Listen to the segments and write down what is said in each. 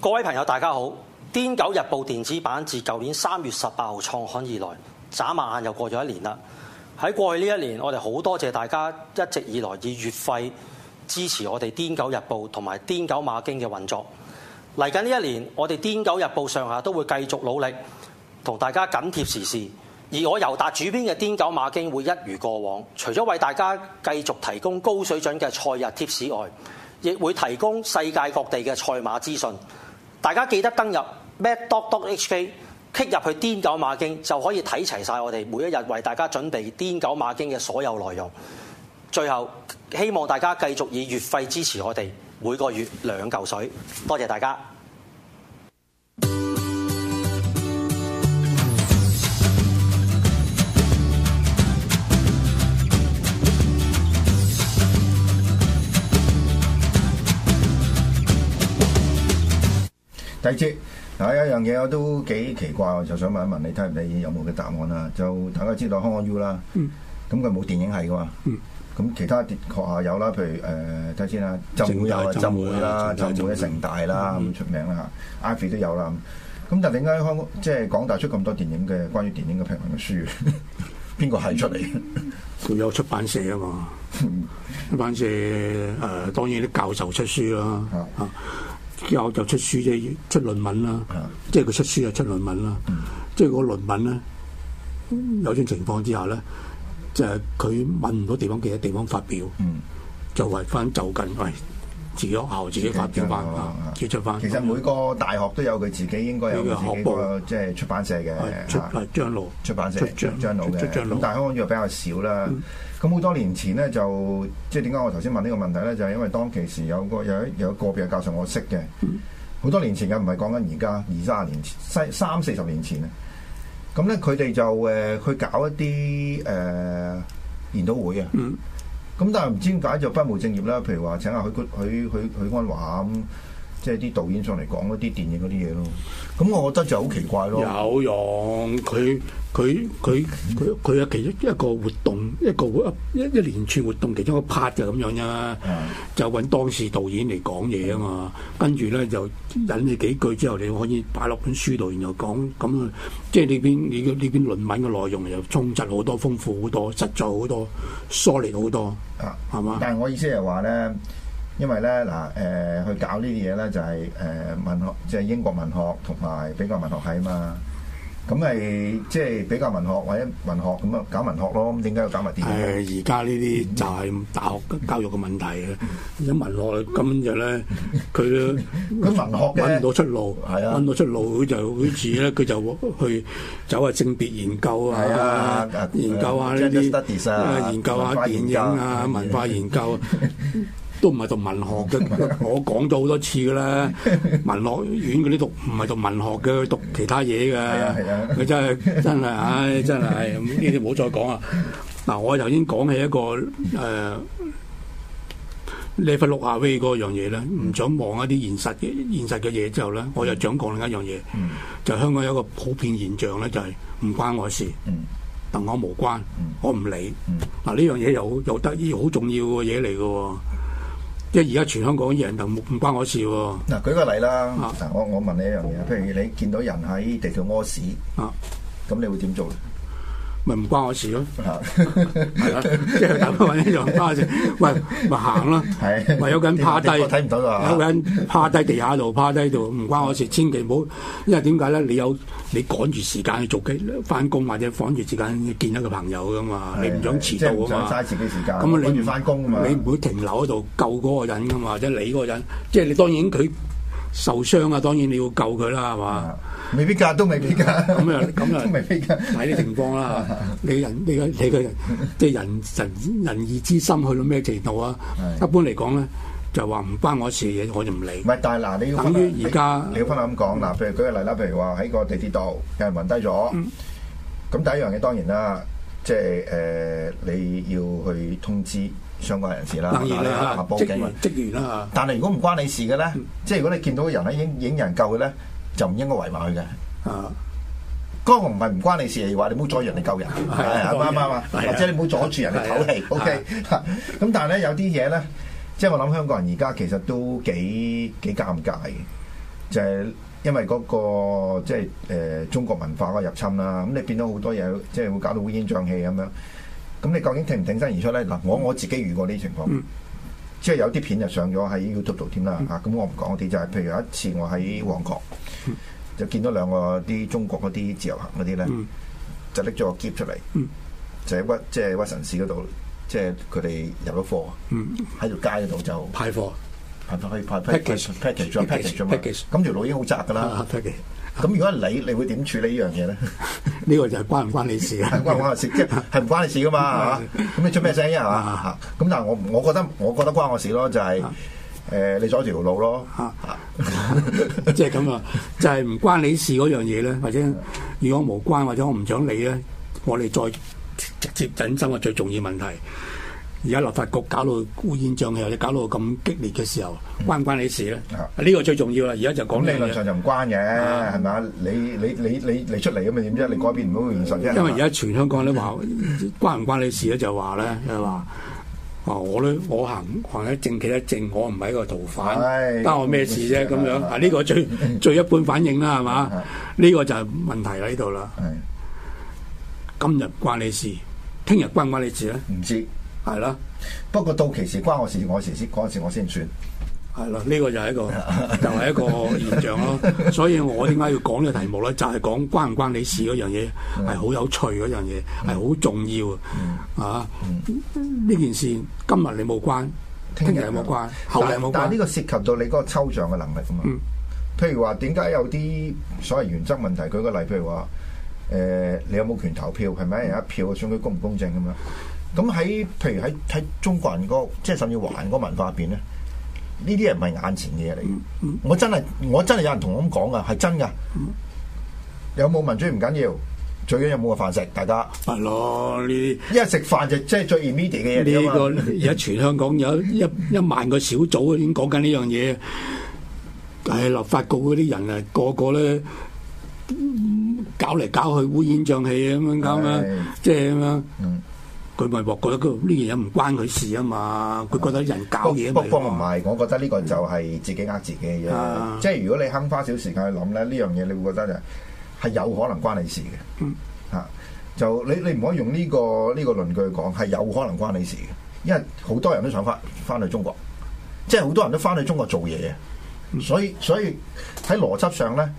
各位朋友，大家好！《癲狗日報》電子版自舊年三月十八號創刊以來，眨眼又過咗一年啦。喺過去呢一年，我哋好多謝大家一直以來以月費支持我哋《癲狗日報》同埋《癲狗馬經》嘅運作。嚟緊呢一年，我哋《癲狗日報》上下都會繼續努力，同大家緊貼時事。而我遊達主編嘅《癲狗馬經》會一如過往，除咗為大家繼續提供高水準嘅賽日貼士外，亦會提供世界各地嘅賽馬資訊。大家記得登入 mad dog dot hk，k i c k 入去癲狗馬經就可以睇齊曬我哋每一日為大家準備癲狗馬經嘅所有內容。最後希望大家繼續以月費支持我哋，每個月兩嚿水。多謝大家。睇先，嗱，有一樣嘢我都幾奇怪，我就想問一問你睇唔睇，有冇嘅答案啊？就大家知道 Hong Kong U 啦，咁佢冇電影係嘅嘛，咁、嗯、其他學校有啦，譬如誒睇先啦，浸大啊、嗯嗯 uh,、浸會啦、浸會啊、城大啦咁出名啦，Ivy 都有啦，咁但係點解 Hong Kong 即係港大出咁多電影嘅、關於電影嘅評論嘅書？邊個係出嚟？佢有出版社啊嘛，出版社誒當然啲教授出書啦、啊之後就出書啫，出論文啦，即係佢出書就出論文啦，即係嗰論文咧，有種情況之下咧，就係、是、佢問唔到地方，其他地方發表，嗯、就為返就近愛。哎自己學校自己發掘翻，發、啊、其實每個大學都有佢自己應該有佢自己個即係出版社嘅，張路出版社出張張路嘅。路但係香港比較少啦。咁好、嗯、多年前呢，就即係點解我頭先問呢個問題呢？就係、是、因為當其時有個有有個別嘅教授我識嘅。好、嗯、多年前嘅，唔係講緊而家二三十年前、三四十年前咧。咁呢，佢哋就誒，佢搞一啲誒、呃、研討會啊。嗯咁但係唔知點解就不務正業啦，譬如話請下許許許許、許安華咁、嗯，即係啲導演上嚟講嗰啲電影嗰啲嘢咯。咁、嗯、我覺得就好奇怪咯。有用佢。佢佢佢佢有其中一,一個活動，一個一一連串活動，其中一個 part 嘅咁樣啫、嗯，就揾當時導演嚟講嘢啊嘛，跟住咧就引你幾句之後，你可以擺落本書度，然後講咁啊，即係呢邊呢邊論文嘅內容又充實好多，豐富好多，實在好多，梳理好多，係嘛、啊？吧但係我意思係話咧，因為咧嗱誒，去搞呢啲嘢咧就係、是、誒、呃、文學，即、就、係、是、英國文學同埋比較文學係啊嘛。咁咪即係比較文學或者文學咁啊，搞文學咯。咁點解要搞埋啲？誒，而家呢啲就係大學教育嘅問題啦。咁文學今日咧，佢佢文學嘅揾唔到出路，揾唔到出路，佢就好似咧，佢就去走下性別研究啊，研究下呢啲啊，研究下電影啊，文化研究。都唔係讀文學嘅， 我講咗好多次噶啦。 文學院嗰啲讀唔係讀文學嘅，佢讀其他嘢㗎。佢 真係真係，唉、哎，真係，呢啲唔好再講啊。嗱，我頭先講起一個誒，你份碌下飛嗰樣嘢咧，唔想望一啲現實嘅現實嘅嘢之後咧，我又想講,講另一樣嘢。嗯、就香港有一個普遍現象咧，就係、是、唔關我事，同、嗯、我無關，嗯、我唔理。嗱、啊、呢樣嘢又有又有得意，好重要嘅嘢嚟㗎喎。即係而家全香港啲人就唔唔關我事喎、啊。嗱、啊，舉個例啦，嗱、啊，我我問你一樣嘢，譬如你見到人喺地度屙屎，咁、啊、你會點做呢？咪唔關我事咯，係咯，即係咁或者就趴住，咪行咯，係，咪有個人趴低，睇唔到啊，有個人趴低地下度，趴低度唔關我事，嗯、千祈唔好，因為點解咧？你有你趕住時間去做機翻工，或者趕住時間見一個朋友噶嘛，的你唔想遲到啊嘛，嘥自己時間，咁你趕住翻工啊嘛，你唔會停留喺度救嗰個人噶嘛，或者你嗰個人，即係你，你當然佢。受傷啊，當然你要救佢啦，係嘛？未必噶，都未必噶。咁啊， 咁啊，睇啲情況啦。 你人，你個，你個人，即係人仁仁義之心去到咩程度啊？是的 一般嚟講咧，就話、是、唔關我事嘅，我就唔理。唔係，但係嗱，你要等於而家，你要分享咁講嗱，譬如舉個例啦，譬如話喺個地鐵度有人暈低咗，咁、嗯、第一樣嘢當然啦，即係誒、呃，你要去通知。相關人士啦，嗱，你行下報警，職員啦，但係如果唔關你事嘅咧，嗯、即係如果你見到人喺影影人救嘅咧，就唔應該圍埋佢嘅。啊，剛好唔係唔關你事嚟話，你唔好阻人哋救人，係啱啱或者你唔好阻住人哋唞氣，OK。咁、啊嗯啊啊、但係咧有啲嘢咧，即係我諗香港人而家其實都幾幾尷尬嘅，就係、是、因為嗰、那個即係誒中國文化嘅入侵啦。咁你變咗好多嘢，即係會搞到烏煙瘴氣咁樣。咁 你究竟挺唔挺身而出咧？嗱，我我自己遇過呢啲情況，即係有啲片就上咗喺 YouTube 度添啦。啊，咁我唔講嗰啲就係，譬如有一次我喺旺角，就見到兩個啲中國嗰啲自由行嗰啲咧，就拎咗個喼出嚟，就喺屈即係屈臣氏嗰度，即係佢哋入咗貨，喺條街嗰度就派貨，派貨可以派 package，package 咗，package 咗嘛？咁、啊、條路已經好窄噶啦。咁如果係你，你會點處理呢樣嘢咧？呢個就係關唔關你事啊？關唔關事即係唔關你事噶嘛？吓，咁你出咩聲呀？吓吓，咁但係我我覺得我覺得關我事咯，就係誒，你阻住條路咯，即係咁啊，就係唔關你事嗰樣嘢咧，或者如果無關或者我唔想理咧，我哋再直接引申個最重要問題。而家立法局搞到烏煙瘴氣，或者搞到咁激烈嘅時候，關唔關你事咧？呢個最重要啦！而家就講理論上就唔關嘅，係咪？你你你你你出嚟咁啊？點啫？你改變唔到現實啫？因為而家全香港都話關唔關你事咧？就話咧，就話哦，我咧我行行得正，企得正，我唔係一個逃犯，關我咩事啫？咁樣啊？呢個最最一般反應啦，係嘛？呢個就係問題喺度啦。今日關你事，聽日關唔關你事咧？唔知。係啦，不過到其時關我事，我事先陣時我先算。係咯，呢個就係一個， 就係一個現象咯。所以我點解要講呢個題目咧？就係、是、講關唔關你事嗰樣嘢，係好、嗯、有趣嗰樣嘢，係好、嗯、重要、嗯、啊！呢、嗯、件事今日你冇關，聽日冇關，後日冇關。但係呢個涉及到你嗰個抽象嘅能力啊嘛。譬、嗯、如話點解有啲所謂原則問題？舉個例譬如話，誒、呃，你有冇權投票？係咪一人一票？選舉公唔公正咁樣？咁喺，譬如喺喺中國人個，即係甚至華人個文化入邊咧，呢啲人唔係眼前嘅嘢嚟。我真係，我真係有人同我咁講噶，係真噶。有冇民主唔緊要，最緊有冇個飯食，大家。係咯，呢啲一食飯就即係最 immediate 嘅嘢啦。而家全香港有一 一一萬個小組已經講緊呢樣嘢，係、哎、立法局嗰啲人啊，個個咧搞嚟搞去烏煙瘴氣咁樣搞啊，即係啊。嗯佢咪話覺得呢樣嘢唔關佢事啊嘛？佢覺得人搞嘢不、啊、不，唔係，我覺得呢個就係自己呃自己嘅。啊、即係如果你肯花少少時間去諗咧，呢樣嘢你會覺得就係有可能關你事嘅。嗯、啊，就你你唔可以用呢、呢個呢、呢個論據講，係有可能關你事嘅，因為好多人都想翻翻去中國，即係好多人都翻去中國做嘢，所以所以喺邏輯上咧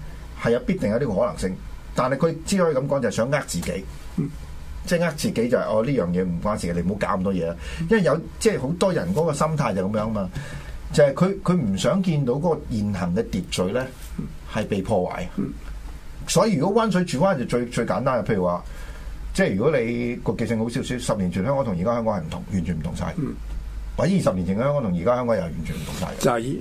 係有必定有呢個可能性，但係佢只可以咁講，就係、是、想呃自己。嗯即係呃自己就係、哦係哦呢樣嘢唔關事嘅，你唔好搞咁多嘢啦。因為有即係好多人嗰個心態就咁樣啊嘛，就係佢佢唔想見到嗰個現行嘅秩序咧係被破壞。所以如果溫水煮蛙就最最簡單嘅，譬如話，即係如果你、嗰個記性好少少，十年前香港同而家香港係唔同，完全唔同晒。嗯、或者二十年前嘅香港同而家香港又完全唔同晒。就係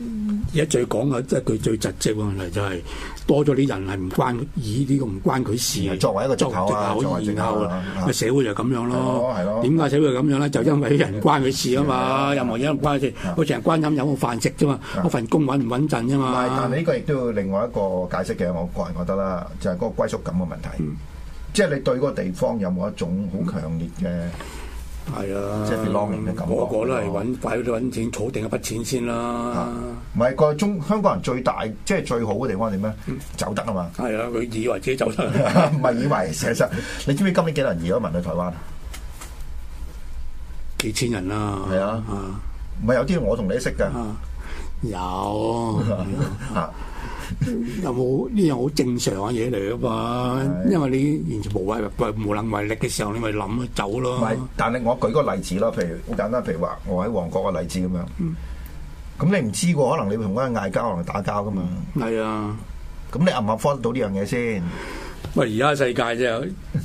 而家最講嘅，即係佢最實質嘅問題就係多咗啲人，係唔關以呢個唔關佢事作為一個藉口，可以，然後社會就咁樣咯。點解社會咁樣咧？就因為啲人唔關佢事啊嘛，任何嘢唔關佢事，佢淨係關飲飲個飯食啫嘛，嗰份工穩唔穩陣啫嘛。但係呢個亦都要另外一個解釋嘅，我個人覺得啦，就係嗰個歸屬感嘅問題，即係你對嗰個地方有冇一種好強烈嘅。係啊，即係 longing 嘅感覺。個個都係揾快啲揾錢，儲定一筆錢先啦。唔係個中香港人最大即係最好嘅地方係點咧？走得啊嘛。係啊，佢以為自己走得。唔係以為，事實你知唔知今年幾多人移咗民去台灣？幾千人啦。係啊，唔係有啲我同你都識㗎。有啊。 有冇呢樣好正常嘅嘢嚟噶嘛？的因為你完全無為無能為力嘅時候，你咪諗咯，走咯。唔係，但係我舉個例子啦，譬如好簡單，譬如話我喺旺角嘅例子咁樣。嗯。咁你唔知喎，可能你會同嗰個嗌交同人可能打交噶嘛？係啊的。咁你係唔係 follow 到呢樣嘢先？喂，而家世界即係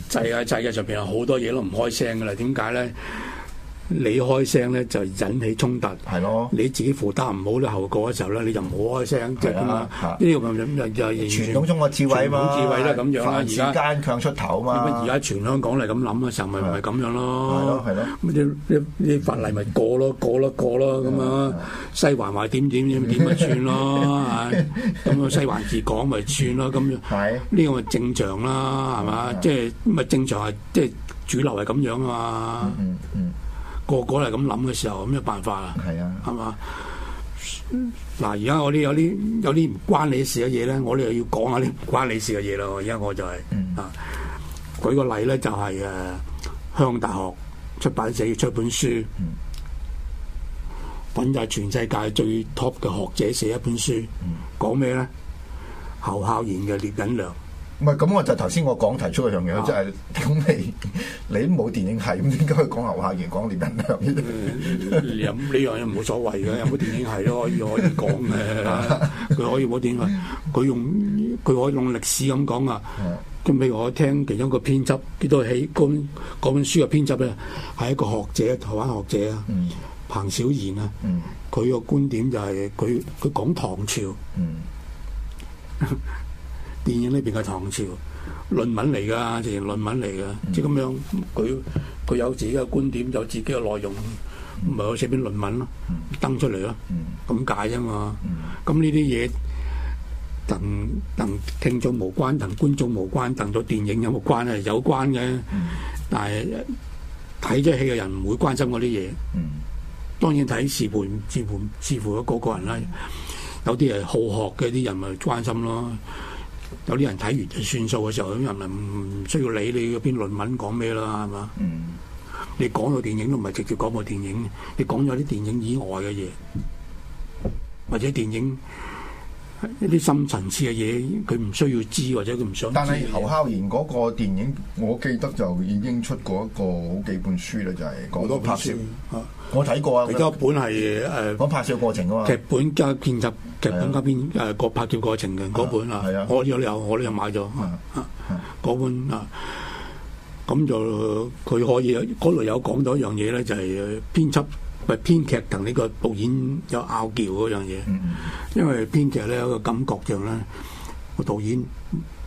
世界，世界上邊有好多嘢都唔開聲噶啦。點解咧？你開聲咧就引起衝突，係咯。你自己負擔唔好嘅後果嘅時候咧，你就唔好開聲，即係咁呢個咁樣又又傳統中國智慧啊，智慧都係咁樣啦。而家強出頭啊嘛。而家全香港嚟咁諗嘅時候，咪唔係咁樣咯。係咯，係咯。乜啲法例咪過咯過咯過咯咁啊？西環話點點點點咪算咯，咁啊西環治港咪算咯，咁樣。係。呢個咪正常啦，係嘛？即係咪正常係即係主流係咁樣啊嘛？個個係咁諗嘅時候，有咩辦法啊？係啊，係嘛？嗱，而家我啲有啲有啲唔關你事嘅嘢咧，我哋又要講下啲唔關你事嘅嘢咯。而家我就係、是嗯、啊，舉個例咧，就係、是、誒，香港大學出版社要出一本書，搵晒、嗯、全世界最 top 嘅學者寫一本書，講咩咧？侯孝賢嘅《聶隱娘》。唔係，咁我就頭先我講提出嗰樣嘢，啊、即係咁你你都冇電影係，咁點解可以講劉克揚講李仁亮？呢呢、嗯、樣嘢冇所謂嘅， 有冇電影係都可，可以講嘅。佢 可以冇電影係啊，佢用佢可以用歷史咁講啊。咁譬、嗯、如我聽其中個編輯，呢套起嗰本書嘅編輯咧，係一個學者台灣學者啊，嗯、彭小賢啊，佢個、嗯、觀點就係佢佢講唐朝。嗯 電影呢邊嘅唐朝論文嚟㗎，直情論文嚟㗎，嗯、即係咁樣佢佢有自己嘅觀點，有自己嘅內容，咪寫、嗯、篇論文咯，嗯、登出嚟咯，咁解啫嘛。咁呢啲嘢，等等聽眾無關，等觀眾無關，等咗電影有冇關啊？有關嘅，關嗯、但係睇咗戲嘅人唔會關心嗰啲嘢。嗯、當然睇視乎、視乎視乎，乎乎個人啦，有啲係好學嘅啲人咪關心咯。有啲人睇完就算數嘅時候，啲人唔需要理你嗰篇論文講咩啦，係嘛？嗯、你講套電影都唔係直接講部電影，你講咗啲電影以外嘅嘢，或者電影，一啲深層次嘅嘢，佢唔需要知或者佢唔想知。但係侯孝賢嗰個電影，我記得就已經出過一個好幾本書啦，就係講拍攝。我睇過啊。嗰本係誒講拍攝過程噶嘛？劇本加編輯，劇本加編誒個、啊、拍攝過程嘅嗰本啊。係啊，我有有我都有買咗嗰本啊。咁就佢可以嗰度有講到一樣嘢咧，就係、是、編輯。咪編劇同呢個導演有拗撬嗰樣嘢，因為編劇咧有、個感覺就咧，個導演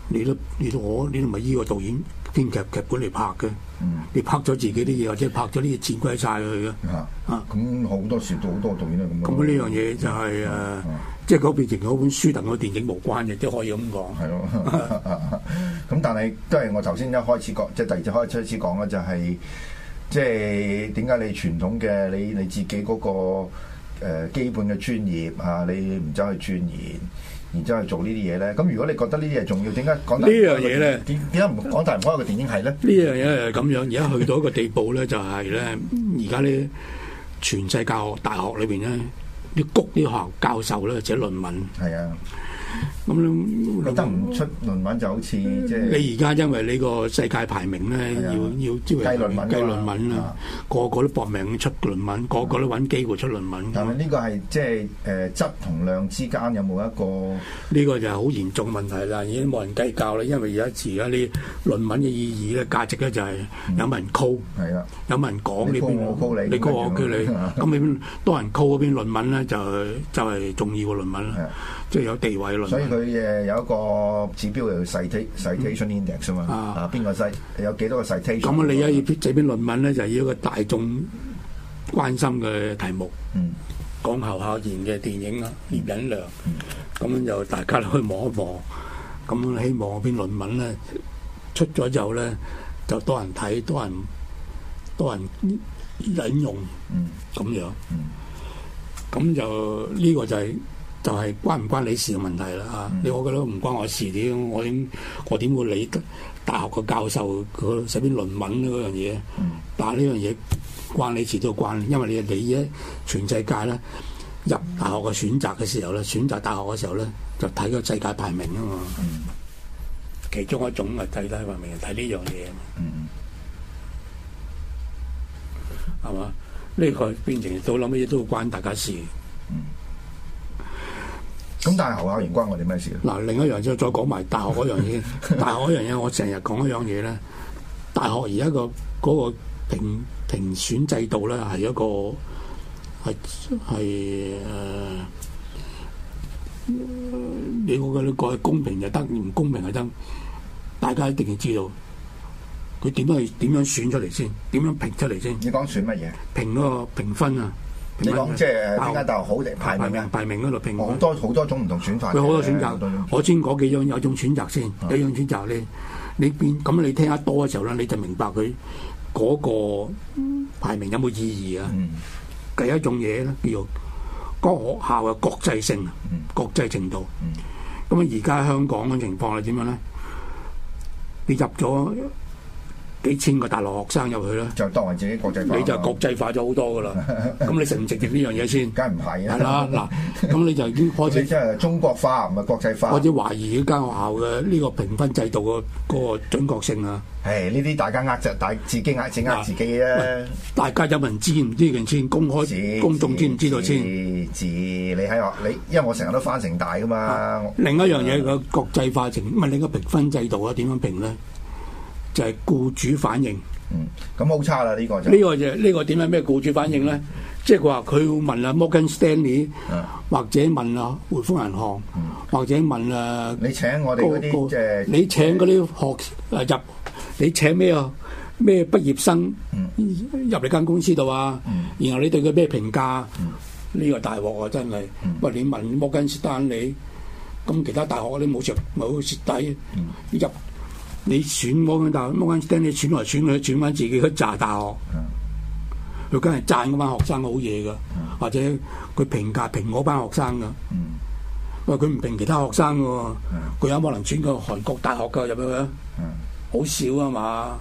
你都你同我，你都唔係依個導演編劇劇本嚟拍嘅，嗯、你拍咗自己啲嘢，或者拍咗啲嘢轉歸晒佢嘅。啊咁好多時好多導演都係咁。咁呢樣嘢就係誒，即係嗰變成嗰本書同嗰電影無關嘅，即係可以咁講。係咯。咁但係都係我頭先一開始講、就係，即係第二隻開始開始講咧，就係。即係點解你傳統嘅你你自己嗰個誒基本嘅專業啊，你唔走去鑽研，然之後去做呢啲嘢咧？咁如果你覺得呢啲嘢重要，點解講？呢樣嘢咧點點解唔講大唔開個電影係咧？呢樣嘢係咁樣，而家去到一個地步咧，就係咧，而家咧全世界學大學裏邊咧，要谷啲學校教授咧寫論文。係啊。咁你得唔出論文就好似即係你而家因為呢個世界排名咧，要要即係計論文、計論文啊，個個都搏命出論文，個個都揾機會出論文。但係呢個係即係誒質同量之間有冇一個？呢個就係好嚴重問題啦，已經冇人計較啦，因為而家而家啲論文嘅意義咧、價值咧，就係有冇人 call 有冇人講你邊 call 我 call 你，你 call 我叫你，咁你多人 call 嗰邊論文咧，就就係重要嘅論文啦，即係有地位啦。所以佢誒有一個指標叫做 citation index 啊嘛，啊邊個細有幾多個 citation，咁你而、啊、家要、那、寫、個、篇論文咧，呢就要一個大眾關心嘅題目，嗯、講侯孝賢嘅電影啊，聶隱娘咁、嗯、就大家都去望一望。咁希望嗰篇論文咧出咗之後咧，就多人睇，多人多人引用，咁、嗯、樣。咁、嗯嗯、就呢個就係、是。就係關唔關你事嘅問題啦嚇！嗯、你我覺得唔關我事啲，我點我點會理大學嘅教授嗰寫篇論文嗰樣嘢？嗯、但呢樣嘢關你事都關，因為你嘅你咧全世界咧入大學嘅選擇嘅時候咧，選擇大學嘅時候咧，就睇個世界排名啊嘛。嗯、其中一種啊，世界排名睇呢樣嘢。嗯係嘛？呢、呢個變成到諗乜嘢都會關大家事。嗯咁大學考完關我哋咩事？嗱，另一樣嘢再講埋大學嗰樣嘢。大學嗰樣嘢，我成日講一樣嘢咧。大學而家個嗰個評評選制度咧，係一個係係誒，你覺得呢個公平就得唔公平就得？大家一定要知道，佢點樣點樣選出嚟先，點樣評出嚟先？你講選乜嘢？評嗰個評分啊！你講即係間大學就好嚟排名排名嗰度評？好多好多種唔同選擇，佢好多選擇。選擇我先講幾種有一種選擇先，有、啊、一種選擇咧，你變咁你聽得多嘅時候咧，你就明白佢嗰個排名有冇意義啊？第、嗯、一種嘢咧，叫做、嗰個學校嘅國際性，嗯、國際程度。咁啊、嗯，而、嗯、家香港嘅情況係點樣咧？你入咗。幾千個大陸學生入去啦，就當係自己國際化，你就國際化咗好多噶啦。咁你承唔承認呢樣嘢先？梗係唔係啊？係啦，嗱，咁你就已經開始，即係中國化唔係國際化，或者懷疑呢間學校嘅呢個評分制度嘅嗰個準確性啊？誒，呢啲大家呃就大自己呃住呃自己啦。大家有冇人知唔知定先？公開公眾知唔知道先？字，你喺學你，因為我成日都翻城大噶嘛。另一樣嘢個國際化程度，唔係你個評分制度啊？點樣評咧？就係僱主反應。嗯，咁好差啦，呢個就呢個就呢個點解咩僱主反應咧？即係佢話佢會問啊摩根士丹利，或者問啊匯豐銀行，或者問啊你請我哋啲即係你請嗰啲學入，你請咩啊？咩畢業生入你間公司度啊？然後你對佢咩評價？呢個大鑊啊，真係！不過你問摩根士丹利，咁其他大學嗰啲冇蝕冇蝕底入。你選我間大學，嗰間聽你選來選去，轉翻自己嗰炸大學，佢梗係讚嗰班學生好嘢噶，或者佢評價評嗰班學生噶。喂，佢唔評其他學生噶，佢有，有可能轉個韓國大學㗎，入去咩？好少啊嘛。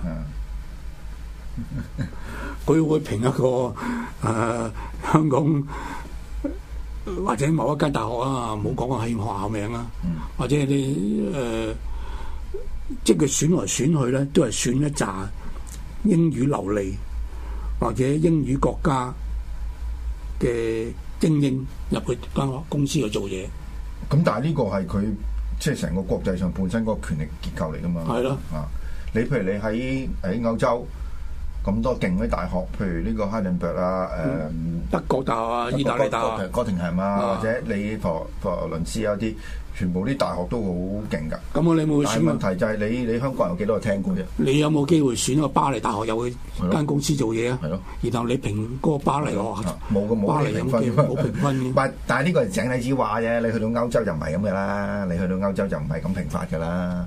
佢會評一個誒、呃、香港或者某一間大學啊，唔好講個係學校名啊，或者啲誒。呃即係佢選來選去咧，都係選一紮英語流利或者英語國家嘅精英入去間公司去做嘢。咁但係呢個係佢即係成個國際上本身嗰個權力結構嚟噶嘛？係咯的，啊！你譬如你喺喺歐洲咁多勁嘅大學，譬如呢個哈丁堡啊，誒、嗯，德國大學啊，國意大利大啊，哥廷根啊，或者你佛佛羅倫斯有啲。全部啲大學都好勁㗎。咁我你冇選？但問題就係你你香港有幾多個聽過啫？你有冇機會選個巴黎大學有去間公司做嘢啊？係咯。然後你評嗰個巴黎學校？冇咁，冇咩評，冇評分嘅。 但係呢個係井底之蛙啫。你去到歐洲就唔係咁嘅啦。你去到歐洲就唔係咁評法㗎啦。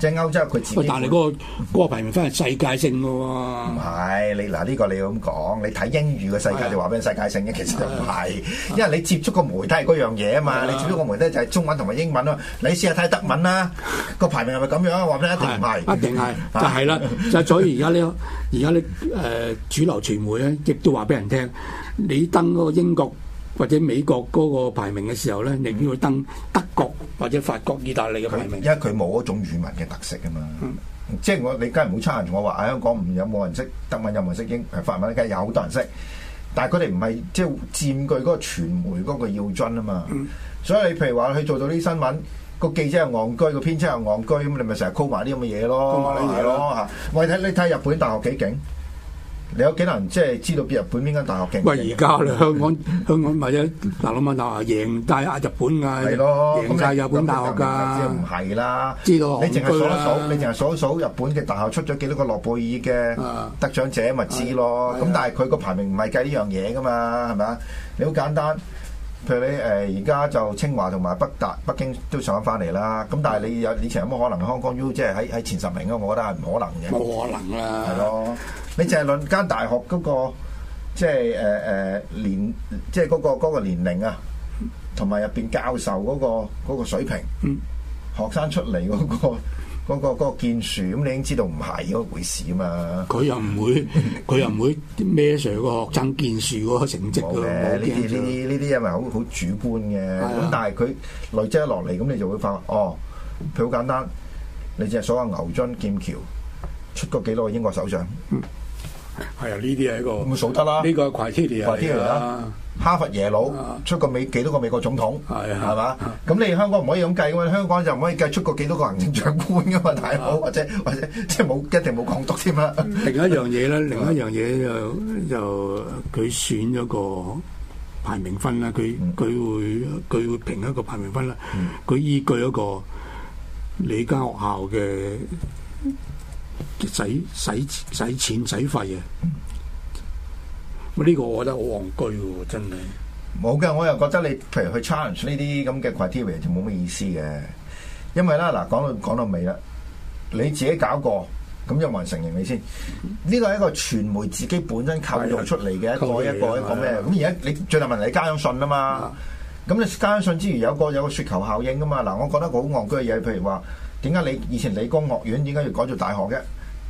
即係歐洲佢自己，但係嗰個嗰個排名真係世界性嘅喎。唔係你嗱呢個你咁講，你睇英語嘅世界就話俾人世界性嘅，其實就唔係，因為你接觸個媒體係嗰樣嘢啊嘛，你接觸個媒體就係中文同埋英文咯。你試下睇德文啦，個排名係咪咁樣啊？話俾你一定唔係，一定係就係啦。就係所以而家咧，而家咧誒主流傳媒咧，亦都話俾人聽，你登嗰個英國或者美國嗰個排名嘅時候咧，你點會登德國或者法國、意大利嘅排名？因為佢冇嗰種語文嘅特色啊嘛。嗯、即係我你梗係唔好差人，同我話啊，香港唔有冇人識德文，有冇人識英誒法文？梗係有好多人識，但係佢哋唔係即係佔據嗰個傳媒嗰個要津啊嘛。嗯、所以你譬如話去做到啲新聞，個記者又戇居，個編輯又戇居，咁你咪成日 call 埋啲咁嘅嘢咯，嘢咯嚇。我睇你睇日本大學幾勁。你有幾多人即係知道日本邊間大學勁？喂！而家香港香港咪啫嗱，老問老話贏曬啊日本㗎，咯贏曬日本大學㗎，即係唔係啦？知道你淨係數一數，啊、你淨係數一數日本嘅大學出咗幾多個諾貝爾嘅得獎者，咪知咯？咁、啊啊、但係佢個排名唔係計呢樣嘢㗎嘛，係咪啊？你好簡單。譬如你誒而家就清華同埋北大、北京都上翻嚟啦，咁但係你有以前有冇可能香港 U 即係喺喺前十名啊？我覺得係唔可能嘅，冇可能啦，係咯，你淨係論間大學嗰個即係誒誒年，即係嗰個嗰個年齡啊，同埋入邊教授嗰個嗰個水平，嗯、學生出嚟嗰個。嗰個建樹咁，你已經知道唔係嗰回事啊嘛！佢又唔會，佢又唔會孭上個學生建樹嗰個成績嘅，呢啲呢啲呢啲嘢咪好好主觀嘅。咁但係佢累積落嚟，咁你就會發哦，佢好簡單。你淨係數下牛津劍橋出過幾多個英國首相？嗯，係啊、哎，呢啲係一個，會會數得啦。呢個 quality 啊！這個哈佛耶魯出個美幾多個美國總統係啊，係嘛？咁你香港唔可以咁計嘅嘛？香港就唔可以計出過幾多個行政長官嘅嘛？大佬的或者或者，或者即係冇一定冇港督添啦。另一樣嘢咧， 另一樣嘢就就佢選咗個排名分啦。佢佢會佢會評一個排名分啦。佢依據一個你間學校嘅嘅使使使錢使費啊。呢個我覺得好戇居喎，真係冇嘅。我又覺得你譬如去 challenge 呢啲咁嘅 criteria 就冇咩意思嘅，因為啦嗱，講到講到尾啦，你自己搞過，咁有冇人承認你先？呢個係一個傳媒自己本身構造出嚟嘅一個的一個的一個咩？咁而家你最大問題你家長信啊嘛，咁的你家長信之餘有個有個雪球效應噶嘛？嗱，我覺得好戇居嘅嘢，譬如話點解你以前理工學院點解要改做大學嘅？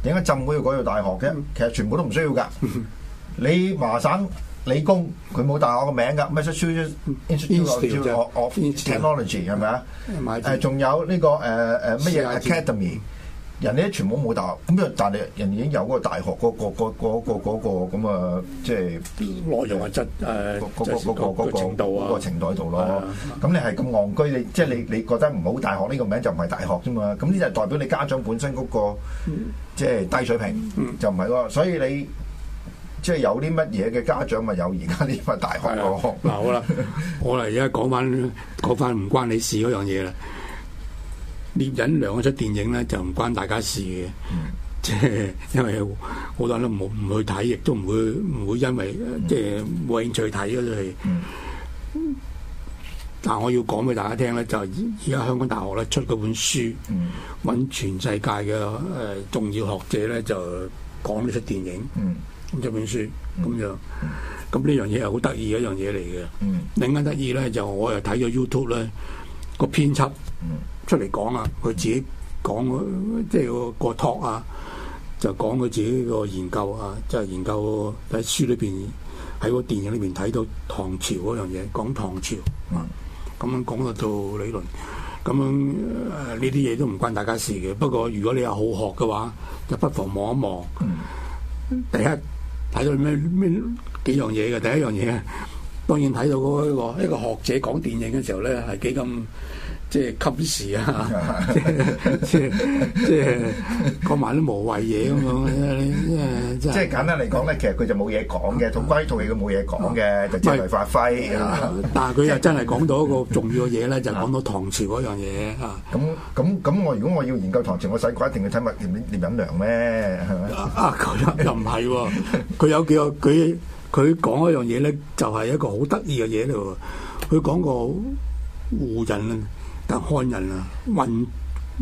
點解浸會要改做大學嘅？其實全部都唔需要噶。 你麻省理工佢冇大學個名㗎 Massachusetts Institute of Technology 係咪啊？誒 仲樂 有呢個誒誒乜嘢 Academy？人哋全部冇大學，咁但係人已經有嗰個大學嗰個嗰嗰個嗰個咁啊，即係內容嘅質誒嗰個嗰個嗰個嗰個嗰個嗰個程度啊，程度度咯。咁你係咁戇居，你即係你你覺得唔好大學呢個名就唔係大學啫嘛？咁呢就代表你家長本身嗰個即係嗰個嗰個、低水平，就唔係咯。所以你即係有啲乜嘢嘅家長咪有而家呢份大學嗱的、 啊、好啦，我嚟而家講翻講翻唔關你事嗰樣嘢啦。《聶隱娘》嗰出電影咧就唔關大家事嘅，即係、嗯、因為好多人都唔唔去睇，亦都唔會唔會因為即係冇興趣睇咯、就是，都係、嗯。但係我要講俾大家聽咧，就係而家香港大學咧出嗰本書，揾、嗯、全世界嘅誒、呃、重要學者咧就講呢出電影。嗯咁一本書咁樣，咁呢樣嘢係好得意嘅一樣嘢嚟嘅。嗯、另外得意咧就，我又睇咗 YouTube 咧、嗰個編輯出嚟講啊，佢自己講即係個個 talk 啊，就講佢自己個研究啊，即係研究喺書裏邊，喺個電影裏邊睇到唐朝嗰樣嘢，講唐朝。咁、嗯、樣講得到理論，咁樣呢啲嘢都唔關大家事嘅。不過如果你係好學嘅話，就不妨望一望。嗯嗯、第一。睇到咩咩幾樣嘢嘅？第一樣嘢，當然睇到嗰一個一個學者講電影嘅時候咧，係幾咁。即係吸啲啊！即係即係講埋啲無謂嘢咁樣。即係簡單嚟講咧，其實佢就冇嘢講嘅，同關於套戲佢冇嘢講嘅，啊、就即係發揮。啊、 但係佢又真係講到一個重要嘅嘢咧，就係、講到唐朝嗰樣嘢嚇。咁咁咁，我如果我要研究唐朝，我使唔使一定去睇埋《聶隱娘》咩？係咪？又唔係喎，佢、啊、有幾佢佢講嗰樣嘢咧，就係一個好得意嘅嘢嚟佢講個胡人。漢人啊，混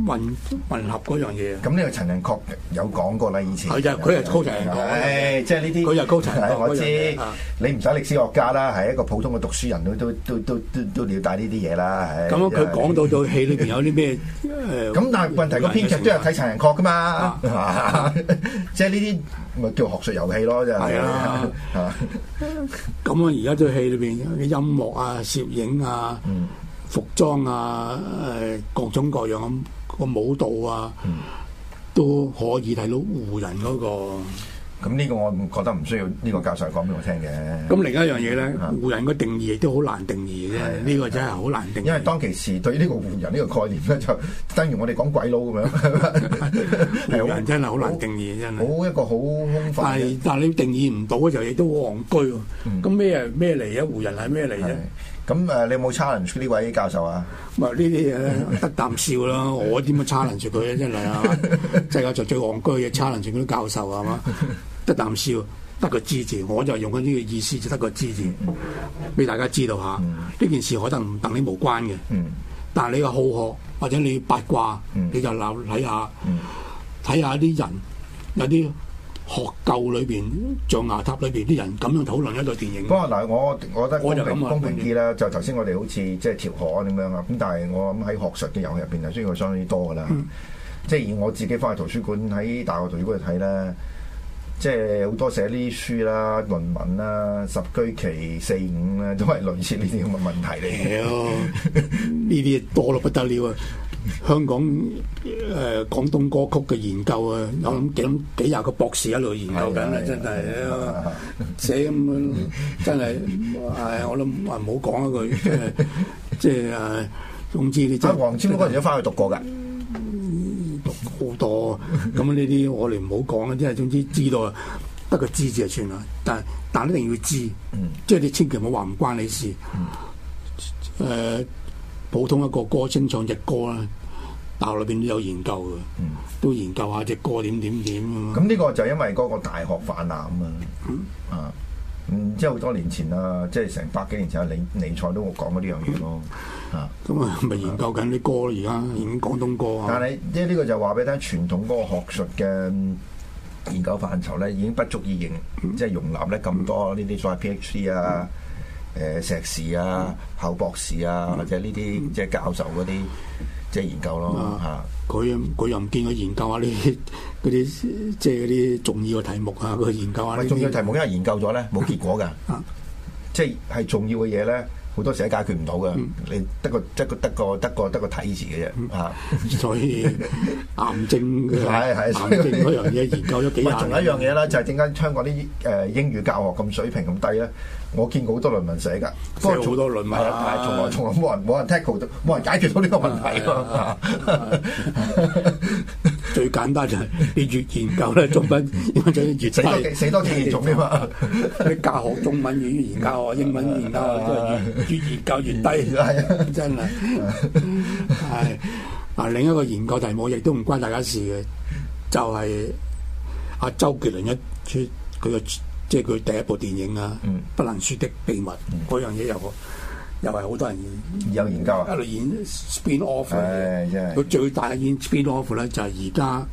混混合嗰樣嘢啊！咁呢個陳仁確有講過啦，以前佢就佢係高陳確，即係呢啲佢又高陳確。我知你唔使歷史學家啦，係一個普通嘅讀書人都都都都都了解呢啲嘢啦。咁佢講到套戲裏邊有啲咩？咁但係問題個編劇都有睇陳仁確㗎嘛？即係呢啲咪叫學術遊戲咯？就係啊！咁啊，而家對戲裏邊嘅音樂啊、攝影啊。服裝啊，誒，各種各樣咁個舞蹈啊，都可以睇到胡人嗰個。咁呢個我覺得唔需要呢個教授講俾我聽嘅。咁另一樣嘢咧，胡人嘅定義亦都好難定義嘅。呢個真係好難定義。因為當其時對呢個胡人呢個概念咧，就等於我哋講鬼佬咁樣，胡人真係好難定義，真係冇一個好空泛。係，但係你定義唔到嘅時候，亦都好戇居。咁咩啊？咩嚟啊？胡人係咩嚟啫？咁誒，你有冇 challenge 呢位教授啊？唔係呢啲嘢咧，得啖笑啦！ 我點樣 challenge 佢咧？真係啊，即係教授最戇居嘅 challenge 嗰啲教授係嘛？ 得啖笑，得個知字。我就用緊呢個意思，就得個知字俾大家知道下呢、嗯、件事可能唔同你無關嘅，嗯、但係你嘅好學或者你八卦，嗯、你就鬧睇下，睇、嗯、下啲人有啲。學究裏邊，象牙塔裏邊啲人咁樣討論一套電影。不過嗱、呃，我我覺得我公平啲啦。就頭先我哋好似、就是嗯、即係條河咁樣啊。咁但係我諗喺學術嘅遊戲入邊就需要佢相當多噶啦。即係以我自己翻去圖書館喺大學圖書館去睇咧，即係好多寫呢啲書啦、論文啦、十居其四五啦，都係類似呢啲咁嘅問題嚟。係呢啲多到不得了、啊。香港誒廣、呃、東歌曲嘅研究啊，嗯、我諗幾幾廿個博士喺度研究緊、呃、啊，真係啊，寫咁真係，係我諗唔好講一句，即係、呃、總之你阿黃千哥嗰陣都翻去讀過噶、嗯，讀好多，咁呢啲我哋唔好講啊。即係總之知道，啊，不過知字就算啦，但但一定要知，嗯、即係你千祈唔好話唔關你事，誒、呃，普通一個歌星唱隻歌啦。大學裏邊都有研究嘅，嗯、都研究下隻歌點點點咁。咁呢個就因為嗰個大學泛濫啊嘛，啊，嗯，嗯即係好多年前啊，即係成百幾年前啊，李李賽都冇講過嗰啲樣嘢咯，啊，咁啊咪研究緊啲歌而、啊、家，而家廣東歌啊。但係呢呢個就話俾你聽，傳統嗰個學術嘅研究範疇咧，已經不足以形、嗯、容納，即係容納咧咁多呢啲所謂 PhD 啊、誒碩、嗯呃、士啊、後博士啊、嗯、或者呢啲即係教授嗰啲。嗯嗯即係研究咯嚇，佢佢又唔見佢研究下啲啲即係嗰啲重要嘅題目啊，佢研究下、啊、啲、嗯、麼重要嘅題目、啊，因為研究咗咧冇結果㗎，即係係重要嘅嘢咧。好多時都解決唔到嘅，你得個得個得個得個得個睇字嘅啫啊！所以癌症係係癌症嗰樣嘢研究咗幾十年，仲有一樣嘢咧，就係點解香港啲誒英語教學咁水平咁低咧？我見過好多論文寫㗎，不過好多論文啊，從來從來冇人冇人 tackle 冇人解決到呢個問題。最簡單就係你越研究咧，中文英文就越低，死多死多啲嘛！啲 教學中文越研究啊，英文研究越，越研究越低， 真係真係， 另一個研究題目亦都唔關大家事嘅，就係、是、阿周杰倫一出佢嘅，即係佢第一部電影啊，嗯《不能説的秘密》嗯，嗰樣嘢又。又係好多人有研究啊！一路演 spin-off 嘅，佢最大嘅演 spin-off 咧就係而家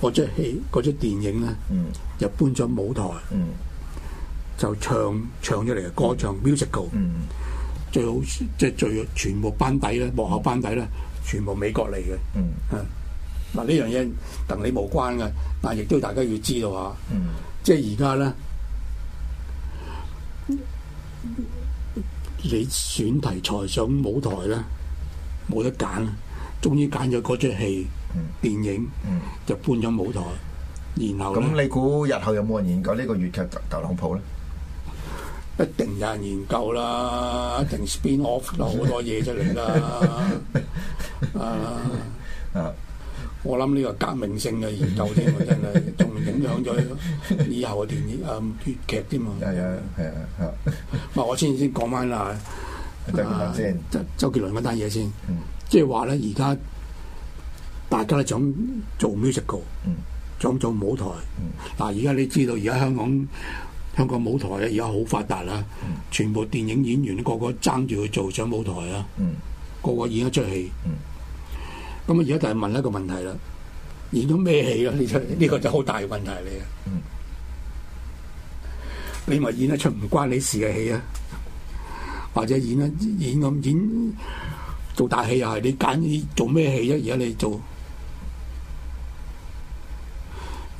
嗰出戲、嗰出電影咧，又搬咗舞台，就唱唱咗嚟嘅歌唱。Musical，最好即係最全部班底咧，幕後班底咧，全部美國嚟嘅。嗱呢樣嘢同你無關嘅，但係亦都大家要知道啊！即係而家咧。你選題材上舞台咧，冇得揀啦，終於揀咗嗰出戲、電影，就搬咗舞台。然後咁，你估日後有冇人研究呢個粵劇特朗普咧？一定有人研究啦，一定 spin off 攞好多嘢出嚟啦。啊啊！我諗呢個革命性嘅研究添，真係仲影響咗以後嘅電影、 嗯、劇啊劇添嘛。係啊係啊嚇！唔，我先先講翻啦，先、啊、周杰倫嗰單嘢先，先嗯、即係話咧，而家大家咧就做 musical、嗯，就想做舞台。嗱，而家你知道而家香港香港舞台咧而家好發達啦，嗯、全部電影演員個個爭住去做上舞台啊，嗯、個個演一齣戲。嗯咁啊！而家就係問一個問題啦。演咗咩戲啊？呢出呢個就好大問題嚟啊！嗯、你咪演一出唔關你事嘅戲啊？或者演啊演咁演做大戲又，啊、係你揀做咩戲啫，啊？而家你做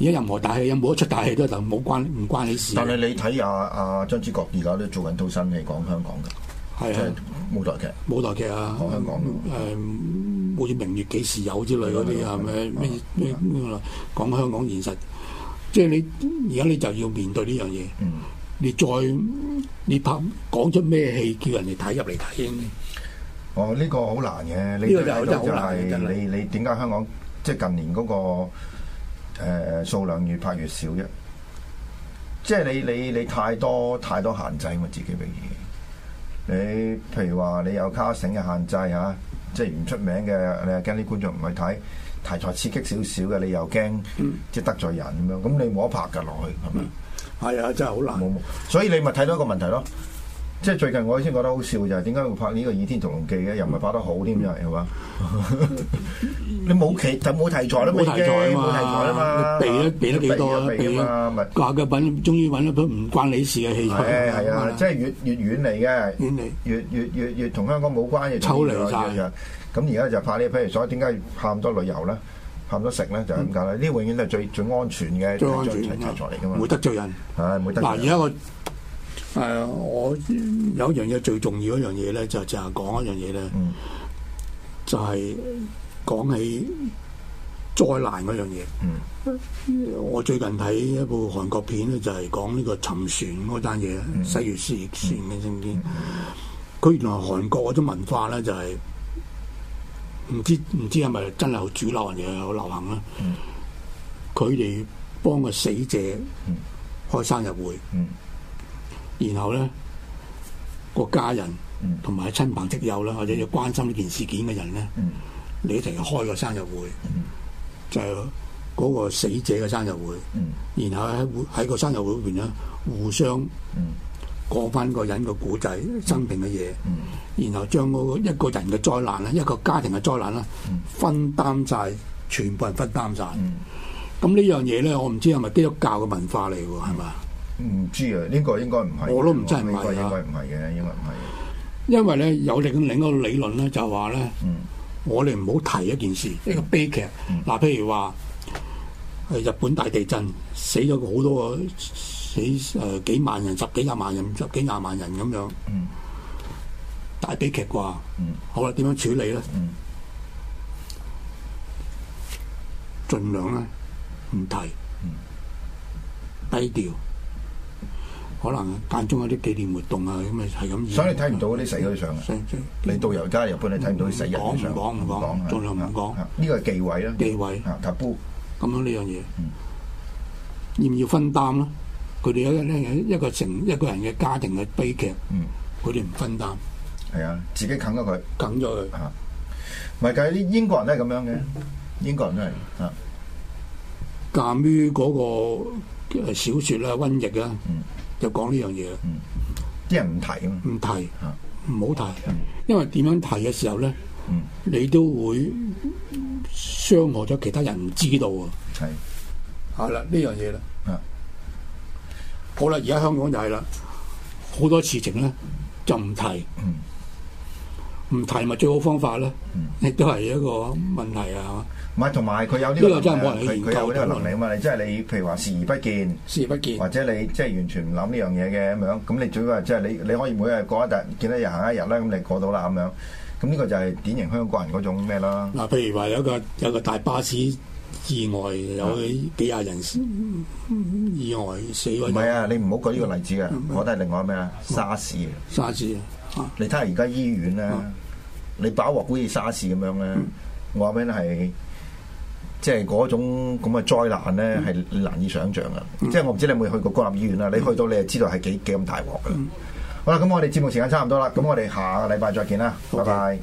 而家任何大戲有冇一出大戲都就冇關唔關你事？但係你睇下阿張之國而家都在做緊套新戲講香港嘅，即係、啊、舞台劇。舞台劇啊，講香港誒。呃呃好似明月幾時有之類嗰啲，係咪咩咩咩講香港現實，即係你而家你就要面對呢樣嘢。你再你拍講出咩戲，叫人哋睇入嚟睇？哦，呢、呢個好難嘅，呢、就係、個就真係你你點解香港即係近年嗰、嗰個誒、呃、數量越拍越少啫？即係你你你太多太多限制啊！自己永遠，你譬如話你有卡檻嘅限制嚇。啊即係唔出名嘅，你又驚啲觀眾唔去睇題材刺激少少嘅，你又驚即係得罪人咁樣，咁、嗯、你冇得拍㗎落去係咪？係啊、嗯，真係好難。所以你咪睇到一個問題咯。即係最近我先覺得好笑就係點解會拍呢個《倚天屠龍記》嘅又唔係拍得好添呀？係嘛？你冇題就冇題材啦，冇題材啊嘛！避得避得幾多咧？避啊！物價嘅品終於揾到唔關你事嘅戲台。係啊，即係越越遠嚟嘅，遠離越越越越同香港冇關嘅。抽離曬咁而家就拍呢批，所以點解拍咁多旅遊咧、拍咁多食咧？就係咁解啦。呢啲永遠係最最安全嘅最安全嘅題材嚟㗎嘛，唔會得罪人。係唔會得罪人。嗱而家我。係啊、呃、我有一樣嘢最重要一樣嘢咧，就係淨係講一樣嘢咧，嗯、就係講起災難嗰樣嘢。嗯、我最近睇一部韓國片咧，就係、是、講呢個沉船嗰單嘢，世越號船嘅升天。佢、嗯嗯嗯、原來韓國嗰種文化咧，就係、是、唔知唔知係咪真係好主流嘅，好流行啦。佢哋、嗯、幫個死者開生日會。嗯嗯嗯然後咧，個家人同埋親朋戚友啦，或者要關心呢件事件嘅人咧，你一齊開個生日會， 就係嗰個死者嘅生日會。然後喺喺個生日會裏邊咧，互相過翻個人嘅古仔、生平嘅嘢。然後將嗰一個人嘅災難啦，一個家庭嘅災難啦，分擔晒，全部人分擔晒。咁 呢樣嘢咧，我唔知係咪基督教嘅文化嚟喎，係嘛？唔知啊，呢、這個應該唔係。我都唔知，係唔係，應該唔係嘅，應該唔係。因為咧有另另一個理論咧，就話咧，嗯、我哋唔好提一件事，嗯、一個悲劇。嗱、嗯啊，譬如話係日本大地震，死咗好多，死誒、呃、幾萬人，十幾廿萬人，十幾廿萬人咁樣。嗯、大悲劇啩？嗯好。好啦，點樣處理咧？嗯。盡量咧，唔提。低調。可能間中有啲紀念活動啊，咁咪係咁。所以你睇唔到嗰啲死嗰啲相，你導遊加入邊，你睇唔到啲死人上。唔講唔講唔講，仲有唔講。呢個係忌諱啦，忌諱。啊，咁樣呢樣嘢。要唔要分擔咧？佢哋一一個成一個人嘅家庭嘅悲劇。佢哋唔分擔。係啊，自己啃咗佢，啃咗佢。啊。唔係，佢啲英國人都係咁樣嘅。英國人都係啊。鑑於嗰個小説啦、瘟疫啦。就講呢樣嘢，啲、嗯、人唔提啊嘛，提啊，唔提，唔好提，因為點樣提嘅時候咧，嗯、你都會傷害咗其他人，唔知道啊。係、嗯，係啦，呢、啊、樣嘢啦，啊、好啦，而家香港就係啦，好多事情咧就唔提。嗯嗯唔提咪最好方法咯，亦都係一個問題啊！唔係，同埋佢有啲佢佢有嗰啲能力啊嘛！即係你，你譬如話視而不見，視而不見，或者你即係完全唔諗呢樣嘢嘅咁樣，咁、啊、你最多係即係你你可以每過日，日過一日，見得人行一日啦，咁你過到啦咁樣。咁呢、這個就係典型香港人嗰種咩啦？嗱、呃，譬如話有個有個大巴士意外，有幾廿人意外死喎。唔係啊！你唔好舉呢個例子得個個啊！我都係另外咩啊沙士啊！沙士啊！啊啊啊你睇下而家醫院咧～、啊啊你把握好似沙士咁樣咧，嗯、我話俾你係，即係嗰種咁嘅災難咧，係、嗯、難以想像嘅。嗯、即係我唔知你有冇去過公立醫院啦，嗯、你去到你就知道係幾幾咁大鑊嘅。嗯、好啦，咁我哋節目時間差唔多啦，咁、嗯、我哋下個禮拜再見啦，okay. 拜拜。